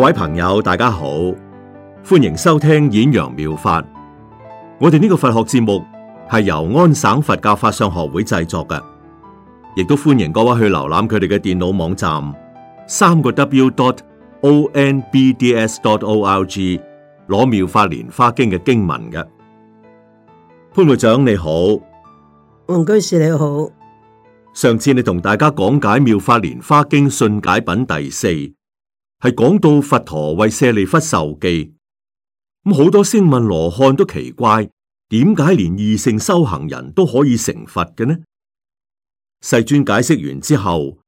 各位朋友，大家好，歡迎收聽演揚妙，妙法。我哋呢個佛學節目係由安省佛教法相學會製作嘅，亦都歡迎各位去瀏覽佢哋嘅電腦網站三個 W 點 O N B D S 點 O L G 攞妙法蓮花經嘅經文嘅。潘會長你好，黃居士你好。上次你同大家講解妙法蓮花經信解品第四。係講到佛陀為舍利弗授記，咁好多聲聞羅漢都奇怪，點解連異性修行人都可以成佛嘅呢？世尊解釋完之後，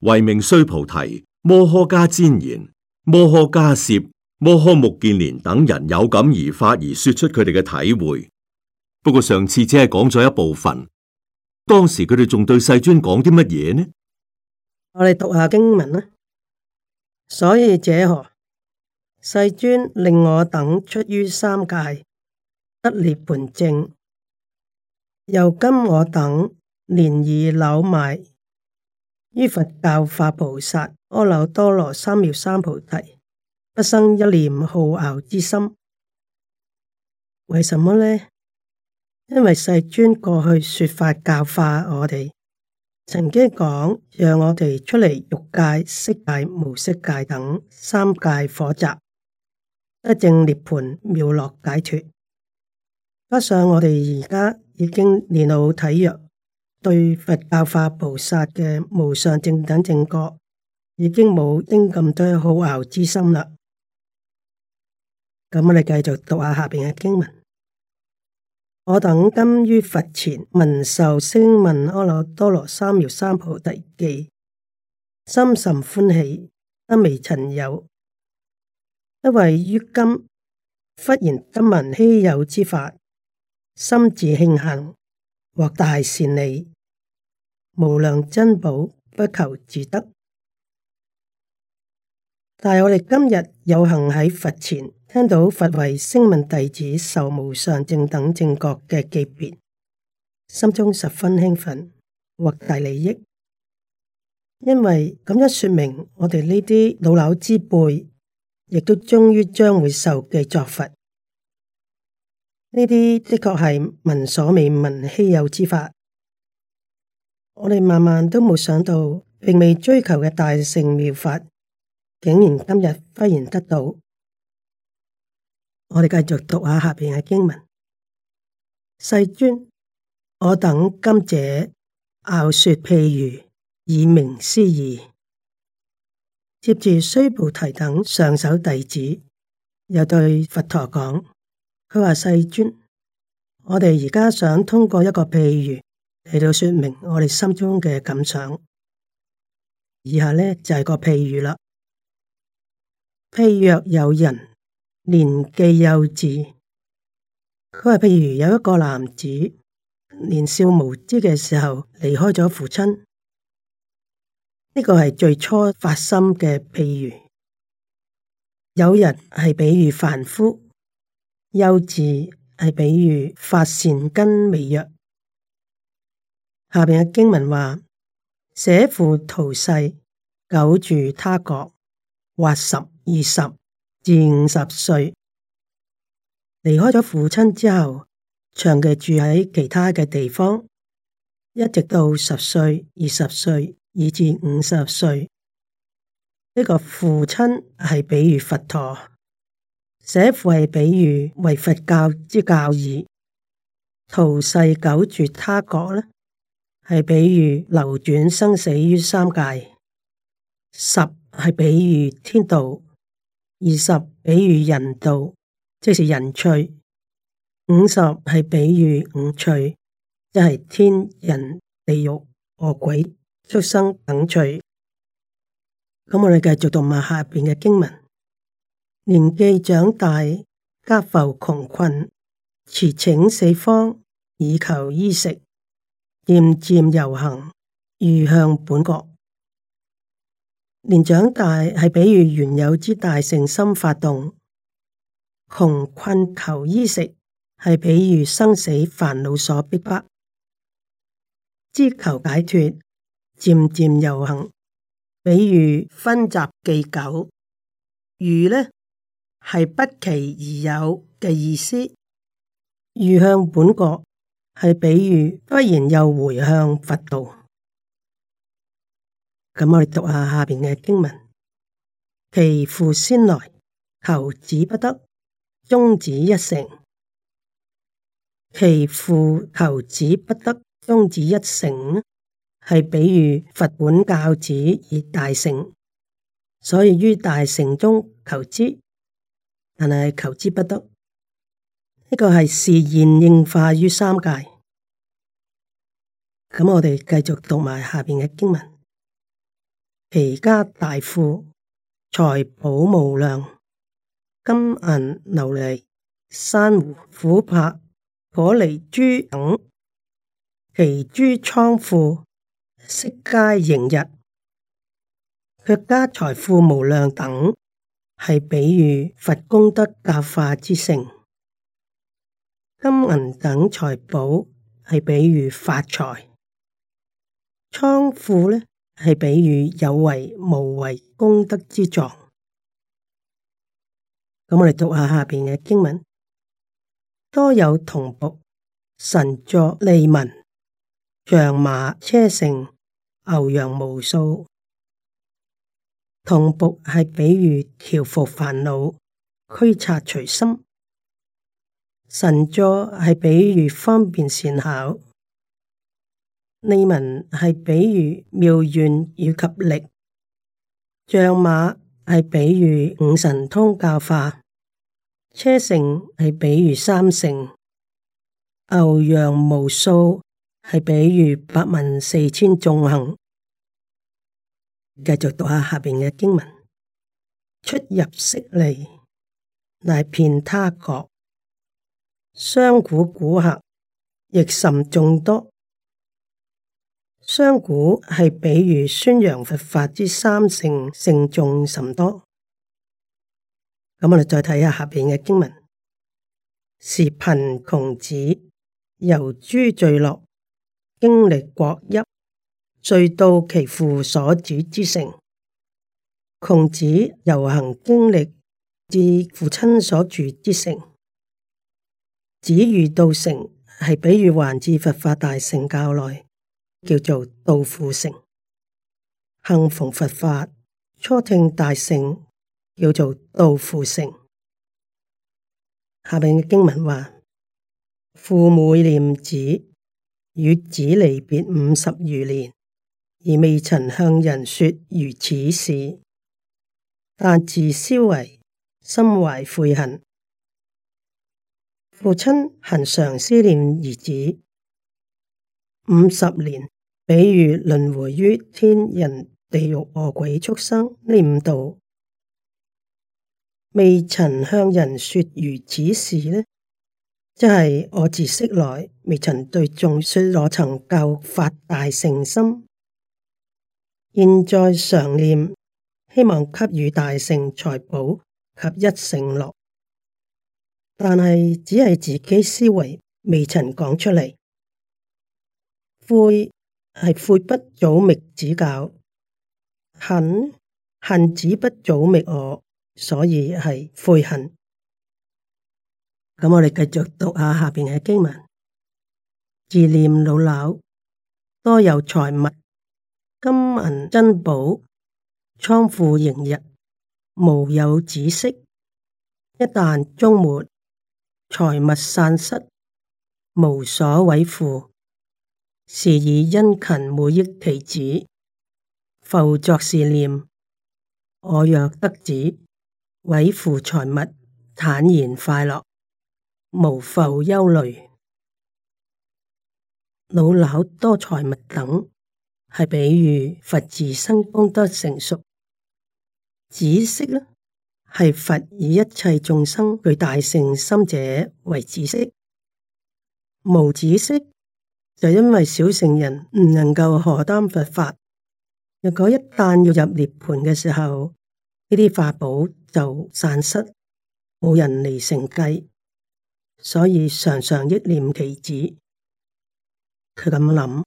慧命須菩提、摩訶迦旃延、摩訶迦葉、摩訶目犍連等人有感而發而說出佢哋嘅體會。不過上次只係講咗一部分，當時佢哋仲對世尊講啲乜嘢呢？我哋讀下經文啦。所以者何，世尊令我等出於三界，得涅槃證。又今我等年已朽邁，於佛教化菩薩阿耨多羅三藐三菩提，不生一念好樂之心。為什麼呢？因為世尊過去說法教化我哋。曾經講，讓我哋出嚟欲界、色界、無色界等三界火宅，一正涅槃，妙樂解脱。加上我哋而家已經年老體弱，對佛教化菩薩嘅無上正等正覺，已經冇應咁多好熬之心啦。咁我哋繼續讀下下面嘅經文。我等今於佛前聞受聲聞阿耨多羅三藐三菩提記，心甚歡喜。得未曾有，因為於今忽然得聞稀有之法，心自慶幸，獲大善利，無量珍寶，不求自得。但係我哋今日有幸喺佛前。聽到佛為聲聞弟子受無上正等正覺嘅記別，心中十分興奮，獲大利益。因為咁一說明，我哋呢啲老朽之輩，亦都終於將會受記作佛。呢啲的確係聞所未聞稀有之法。我哋萬萬都冇想到，並未追求嘅大乘妙法，竟然今日忽然得到。我哋繼續讀下下邊嘅經文，世尊，我等今者，樂說譬喻，以明斯義。接住須菩提等上首弟子，又對佛陀講：，佢話世尊，我哋而家想通過一個譬如嚟到說明我哋心中嘅感想。以下呢，就係、是、個譬如啦，譬若有人。年紀幼稚，佢話譬如有一個男子年少無知嘅時候離開咗父親，呢個係最初發心嘅譬如。有人係比喻凡夫幼稚，係比喻發善根微弱。下邊嘅經文話：捨父逃逝，久住他國，或十二十。至五十歲離開咗父親之後，長期住喺其他嘅地方，一直到十歲、二十歲以至五十歲。呢個父親係比喻佛陀，捨父係比喻為佛教之教義，逃逝久絕他國呢，係比喻流轉生死於三界，十係比喻天道。二十，比喻人道，即是人趣；五十係比喻五趣，即係天人、地獄、餓鬼、畜生等趣。咁我哋繼續讀下下邊嘅經文：年既長大，加復窮困，馳騁四方，以求衣食，漸漸遊行，遇向本國。年長大係比喻原有之大乘心發動，窮困求衣食係比喻生死煩惱所逼迫，知求解脱漸漸遊行，比喻分集既久。遇呢，係不期而有嘅意思，遇向本國係比喻忽然又回向佛道。.咁我哋讀下下邊嘅經文，其父先來求子不得，中止一城。其父求子不得，中止一城，係比喻佛本教子以大乘，所以於大乘中求之，但係求之不得。呢個係示現應化於三界。咁我哋繼續讀埋下邊嘅經文。其家大富，財寶無量，金銀琉璃、珊瑚琥珀、玻璃珠等，其諸倉庫悉皆盈溢，其家財富無量等，係比喻佛功德教化之成。金銀等財寶係比喻發財，倉庫咧。係比喻有為無為功德之狀，咁我哋讀下下邊嘅經文。多有僮僕，臣佐吏民，象馬車乘，牛羊無數。僮僕係比喻調伏煩惱，驅策隨心。臣佐係比喻方便善巧。呢文係比喻妙願以及力，象馬係比喻五神通教化車乘係比喻三乘，牛羊無數係比喻八萬四千眾行。繼續讀下下邊嘅經文，出入息利乃遍他國，商賈古古客亦甚眾多。商賈係，是比喻宣揚佛法之三乘，聖眾甚多。咁我哋再睇下下面嘅經文：，是貧窮子由諸聚落，經歷國邑，遂到其父所住之城。窮子遊行經歷至父親所住之城。子遇到城，係比喻還至佛法大乘教內。叫做杜富城，幸逢佛法，初聽大聖，叫做杜富城。下面嘅經文話：父母念子，與子離別五十餘年，而未曾向人說如此事，但自思惟，心懷悔恨。父親恆常思念兒子。五十年，比喻輪回於天人、地獄、餓鬼、畜生呢五道，未曾向人說如此事呢？即係我自昔來，未曾對眾說，我曾教發大乘心，現在常念，希望給予大乘財寶及一承諾，但係只係自己思維，未曾講出嚟。悔係悔不早覓指教，恨恨子不早覓我，所以係悔恨。咁我哋繼續讀下下邊嘅經文：自念老朽，多有財物，金銀珍寶，倉庫盈溢，無有子息。一旦終沒，財物散失，無所委付。是以殷勤每憶其子，浮作是念：我若得子，委付財物，坦然快樂，無浮憂慮，老老多財物等，係比喻佛自身功德成熟。紫色呢，係佛以一切眾生具大乘心者為紫色，無紫色。就因為小聖人唔能夠荷擔佛法，如果一旦要入涅槃嘅時候，呢啲法寶就散失，冇人嚟承繼，所以常常憶念其子。佢咁諗：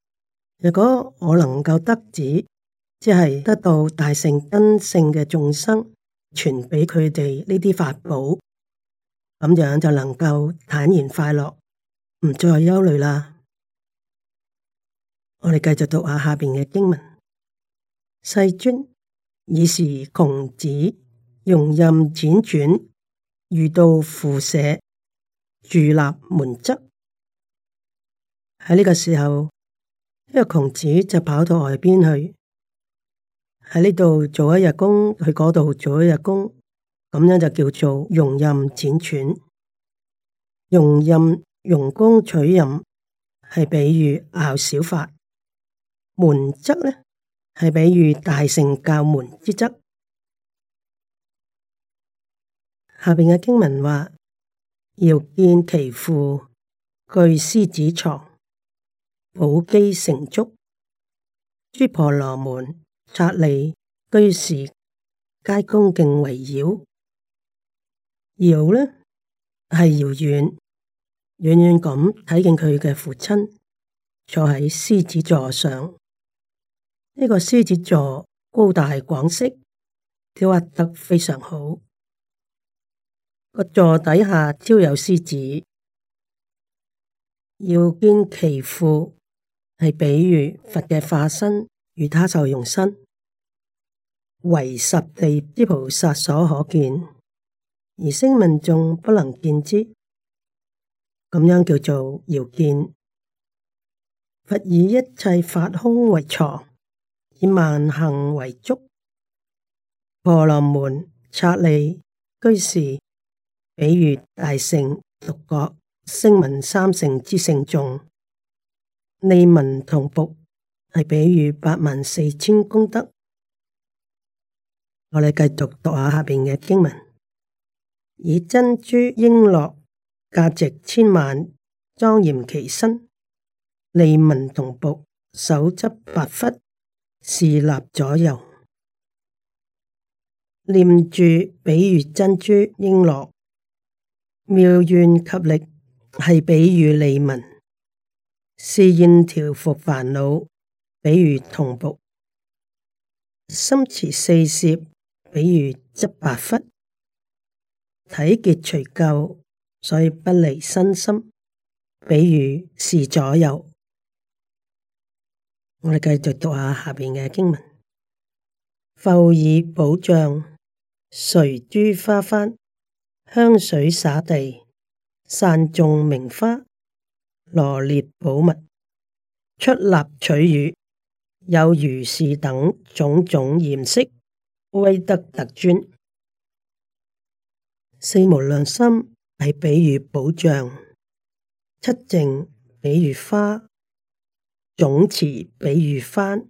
如果我能夠得子，即係得到大聖恩聖嘅眾生，傳畀佢哋呢啲法寶，咁樣就能夠坦然快樂，唔再憂慮啦。我哋繼續讀下下邊嘅經文。世尊爾時窮子傭賃展轉遇到父舍，住立門側。喺呢個時候，呢、這個窮子就跑到外邊去喺呢度做一日工，去嗰度做一日工，咁樣就叫做傭賃展轉。傭賃，傭工取賃係比喻樂小法。門則呢，係比喻大乘教門之則。下面嘅經文話：遙見其父，據獅子床，寶基成足，諸婆羅門、刹利、居士皆恭敬圍繞。遙呢，係遙遠，遠遠咁睇見佢嘅父親坐喺獅子座上。呢個獅子座高大係廣式，雕得非常好。個座底下雕有獅子，要見其父，係比喻佛嘅化身與他受用身，為十地之菩薩所可見，而聲聞眾不能見之。咁樣叫做遙見。佛以一切法空為床。以萬行為足，婆羅門、刹利、居士，比喻大聖六國聲聞三乘之聖眾，吏民僮僕，係比喻八萬四千功德。我哋繼續讀下下邊嘅經文，以珍珠瓔珞價值千萬，莊嚴其身，吏民僮僕，手執白拂。是立左右，念住，比如珍珠瓔珞妙願給力，係比喻利文是願調伏煩惱，比如僮僕心持四攝，比如執白拂；體結隨救，所以不離身心，比如是左右。我哋繼續讀下下面嘅經文：，覆以寶帳，隨珠花幡，香水灑地，散眾名花，羅列寶物，出納取與，有如是等種種顏色，威德特尊。四無量心係比喻寶帳，七淨比喻花。總持，比如番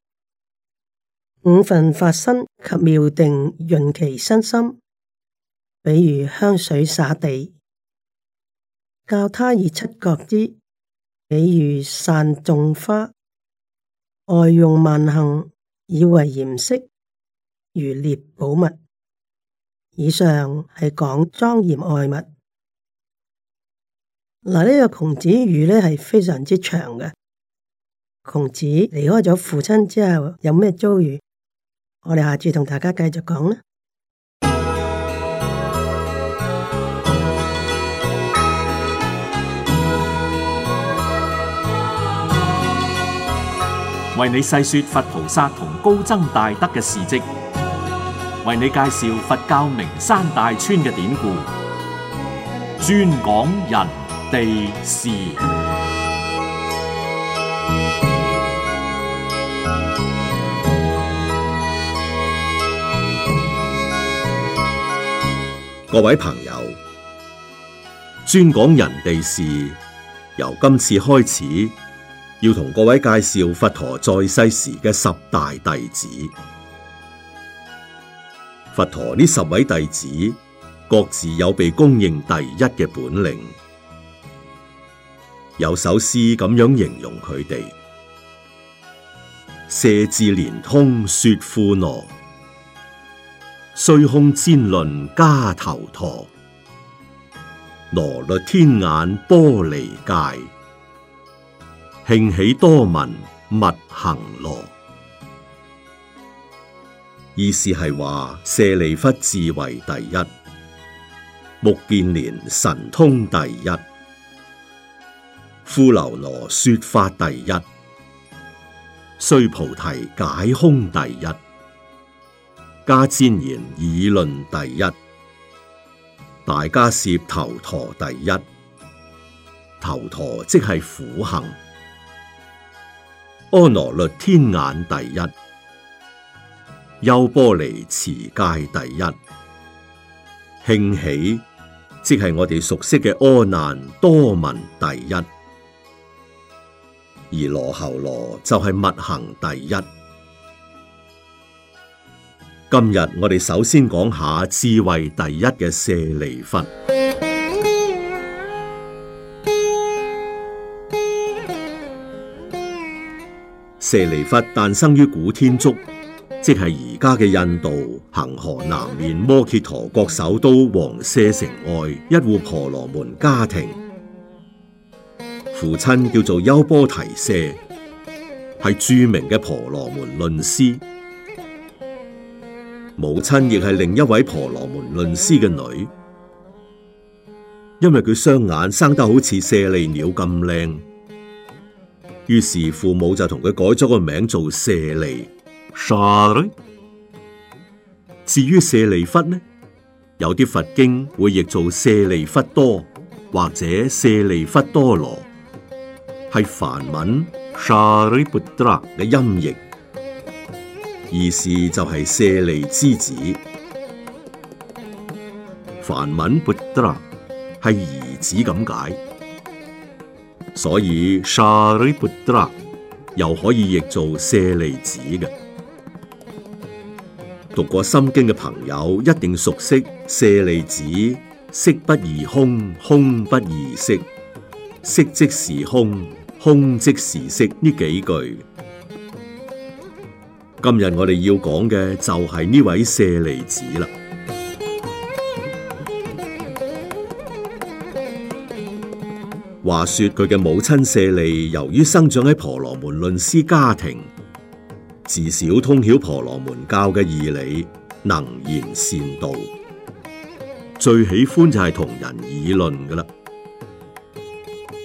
五分法身及妙定潤其身心，比如香水灑地，教他以七覺支」，比如散種花，愛用萬行，以為嚴飾，如列寶物。以上係講莊嚴外物。嗱，呢、這個窮子喻咧係非常之長嘅。孔子離開咗父親之後有咩遭遇？我哋下次同大家繼續講呢。為你細說佛菩薩同高僧大德嘅事跡，為你介紹佛教名山大川嘅典故，專講人地事。各位朋友，專講人地事，由今次開始，要同各位介紹佛陀在世時嘅十大弟子。佛陀呢十位弟子，各自有被公認第一嘅本領。有首詩咁樣形容佢哋：舍字連通說富羅。須空千輪加頭陀，羅律天眼波離戒，興起多聞密行羅。意思係話舍利弗智慧第一，目犍連神通第一，富樓羅說法第一，須菩提解空第一。迦旃延議論第一，大迦葉頭陀第一，頭陀即係苦行，阿羅律天眼第一，優波離持戒第一，慶喜即係我哋熟悉嘅阿難多聞第一，而羅睺羅就係密行第一。今日我哋首先講下智慧第一嘅舍利弗。舍利弗誕生於古天竺，即係而家嘅印度恒河南面摩羯陀國首都王舍城外一戶婆羅門家庭。父親叫做優波提舍，係著名嘅婆羅門論師。母親亦係另一位婆羅門論師嘅女，因為佢雙眼生得好似舍利鳥咁靚，於是父母就同佢改咗個名做舍利。舍利，至於舍利弗呢？有啲佛經會譯做舍利弗多，或者舍利弗多羅，係梵文舍利弗多羅嘅音譯。意思就係、是、舍利之子，梵文 putra 係兒子咁解，所以 shariputra 又可以譯做舍利子嘅。讀過《心經》嘅朋友一定熟悉舍利子，色不異空，空不異色，色即是空，空即是色呢幾句。今日我哋要講嘅就係呢位舍利子啦。話說佢嘅母親舍利，由於生長喺婆羅門論師家庭，自小通曉婆羅門教嘅義理，能言善道，最喜歡就係同人議論噶啦。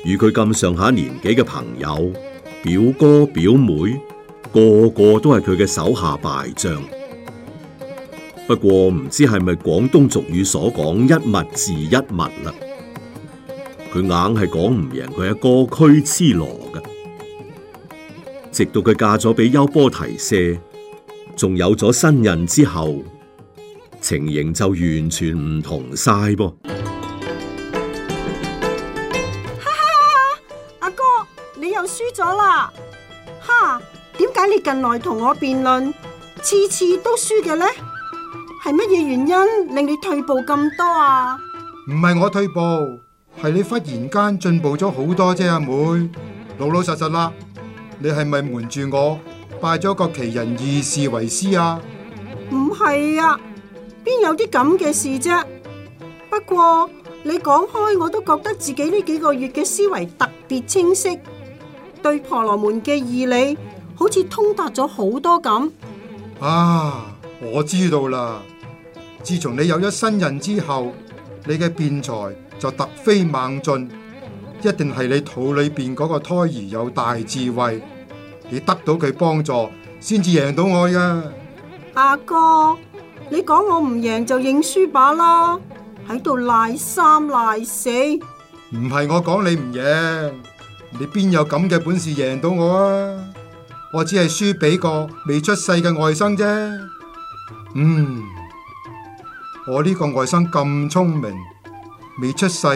與佢咁上下年紀嘅朋友、表哥、表妹。個個都係佢嘅手下敗將，不過唔知係咪廣東俗語所講一物治一物啦？佢硬係講唔贏佢阿哥屈痴羅㗎，直到佢嫁咗俾邱波提舍，仲有咗身孕之後，情形就完全唔同晒噃！哈哈，阿哥，你又輸咗啦，哈！點解你近來同我辯論，次次都輸嘅呢？係乜嘢原因令你退步咁多啊？唔係我退步，係你忽然間進步咗好多啫。阿妹，老老實實啦，你係咪瞞住我拜咗個奇人異士為師啊？唔係啊，邊有啲咁嘅事啫、啊？不過你講開我都覺得自己呢幾個月嘅思維特別清晰，對婆羅門嘅義理。好似通達咗好多咁啊！我知道啦。自從你有咗身孕之後，你嘅辯才就突飛猛進，一定係你肚裏邊嗰個胎兒有大智慧，你得到佢幫助先至贏到我呀。阿哥，你講我唔贏就認輸把啦，喺度賴三賴四，唔係我講你唔贏，你邊有咁嘅本事贏到我啊？我只係輸俾個未出世嘅外甥啫。嗯，我呢個外甥咁聰明，未出世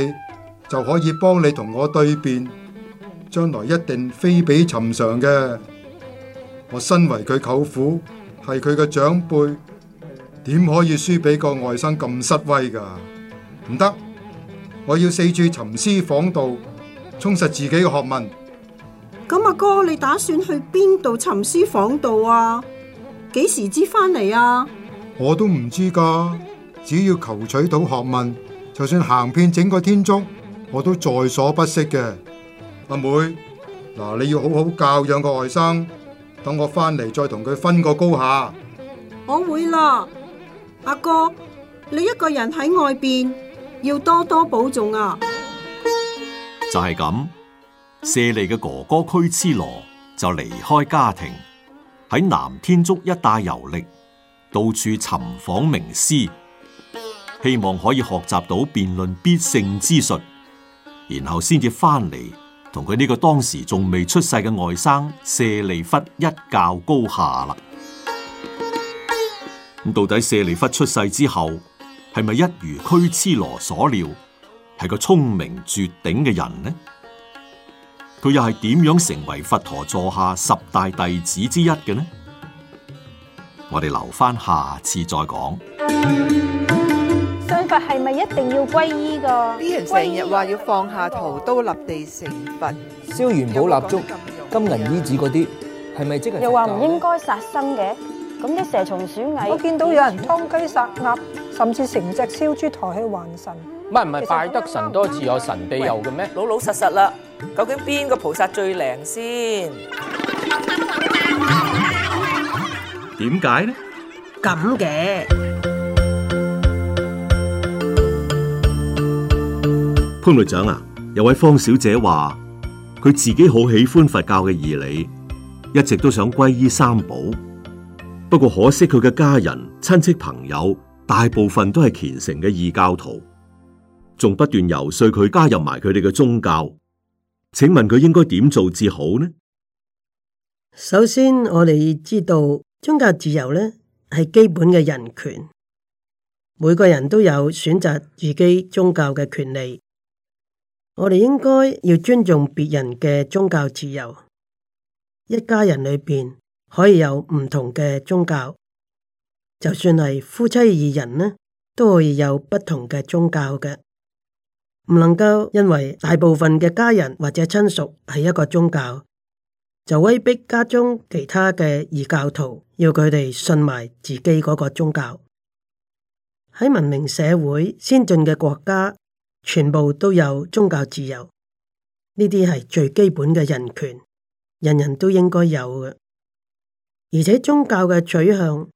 就可以幫你同我對辯，將來一定非比尋常嘅。我身為佢舅父，係佢嘅長輩，點可以輸俾個外甥咁失威噶？唔得，我要四處尋師訪道，充實自己嘅學問。咁阿哥，你打算去邊度尋師訪道啊？幾時知翻嚟啊？我都唔知噶，只要求取到學問，就算行遍整個天竺，我都在所不惜嘅。阿妹，嗱，你要好好教養個外甥，等我翻嚟再同佢分個高下。我會啦，阿哥，你一個人喺外邊，要多多保重啊！就係咁。舍利嘅哥哥俱絺羅就離開家庭，喺南天竺一帶遊歷，到處尋訪名師，希望可以學習到辯論必勝之術，然後先至翻嚟同佢呢個當時仲未出世嘅外甥舍利弗一較高下啦。咁到底舍利弗出世之後，係咪一如俱絺羅所料，係個聰明絕頂嘅人呢？佢又係點樣成為佛陀座下十大弟子之一嘅呢？我哋留翻下，下次再講。信佛係咪一定要皈依噶？啲人成日話要放下屠刀立地成佛，燒元寶蠟燭、金銀衣紙嗰啲，係咪即係？又話唔應該殺生嘅，咁啲蛇蟲鼠蟻，我見到有人劏雞殺鴨，甚至成隻燒豬抬去還神。唔係唔係，拜得神多自有神庇佑嘅咩？老老實實啦，究竟邊個菩薩最靈先？點解呢？咁嘅潘隊長啊，有位方小姐話佢自己好喜歡佛教嘅義理，一直都想皈依三寶，不過可惜佢嘅家人、親戚、朋友大部分都係虔誠嘅異教徒。仲不斷遊說佢加入埋佢哋嘅宗教，請問佢應該點做至好呢？首先，我哋知道宗教自由咧係基本嘅人權，每個人都有選擇自己宗教嘅權利。我哋應該要尊重別人嘅宗教自由。一家人裏邊可以有唔同嘅宗教，就算係夫妻二人呢，都可以有不同嘅宗教嘅。唔能夠因為大部分嘅家人或者親屬係一個宗教，就威逼家中其他嘅異教徒要佢哋信埋自己嗰個宗教。喺文明社會，先進嘅國家，全部都有宗教自由，呢啲係最基本嘅人權，人人都應該有嘅。而且宗教嘅取向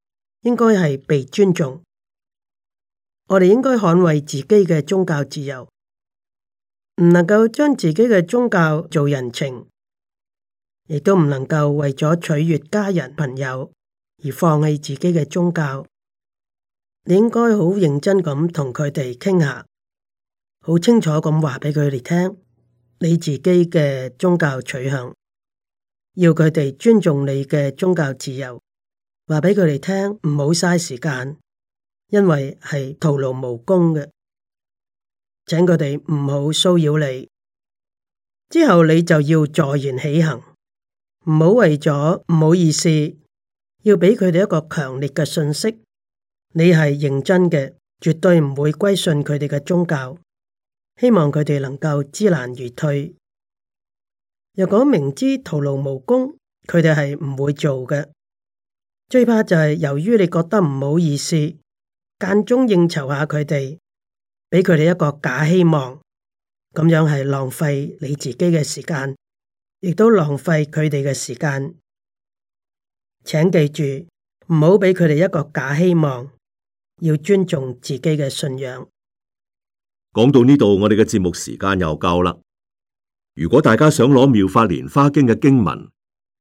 應該係被尊重，我哋應該捍衛自己嘅宗教自由。唔能夠將自己嘅宗教做人情，亦都唔能夠為咗取悦家人朋友而放棄自己嘅宗教。你應該好認真咁同佢哋傾下，好清楚咁話畀佢哋聽你自己嘅宗教取向，要佢哋尊重你嘅宗教自由。話畀佢哋聽，唔好嘥時間，因為係徒勞無功嘅。請佢哋唔好騷擾你，之後你就要坐言起行，唔好為咗唔好意思，要俾佢哋一個強烈嘅訊息，你係認真嘅，絕對唔會歸信佢哋嘅宗教。希望佢哋能夠知難而退。若果明知徒勞無功，佢哋係唔會做嘅。最怕就係由於你覺得唔好意思，間中應酬下佢哋。俾佢哋一個假希望，咁樣係浪費你自己嘅時間，亦都浪費佢哋嘅時間。請記住，唔好俾佢哋一個假希望。要尊重自己嘅信仰。講到呢度，我哋嘅節目時間又夠啦。如果大家想攞《妙法蓮花經》嘅經文，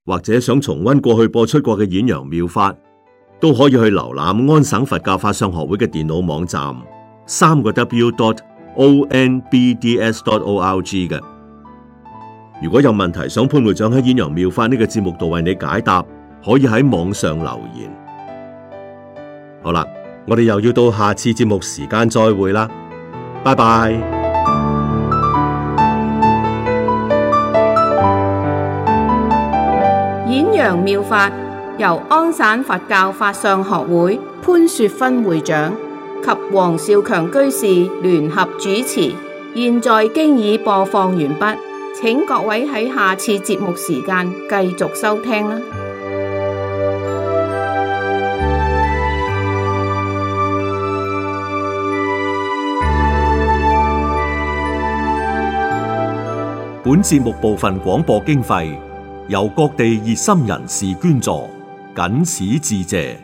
或者想重溫過去播出過嘅《演揚妙法》，都可以去瀏覽安省佛教法相學會嘅電腦網站。三個 w.dot o.n.b.d.s.dot org 嘅，如果有問題，想潘會長喺《演揚妙法》呢個節目度為你解答，可以喺網上留言。好啦，我哋又要到下次節目時間再會啦，拜拜。《演揚妙法》由安省佛教法相學會潘雪芬會長。及黃少強居士聯合主持，現在經已播放完畢，請各位喺下次節目時間繼續收聽啦。本節目部分廣播經費由各地熱心人士捐助，謹此致謝。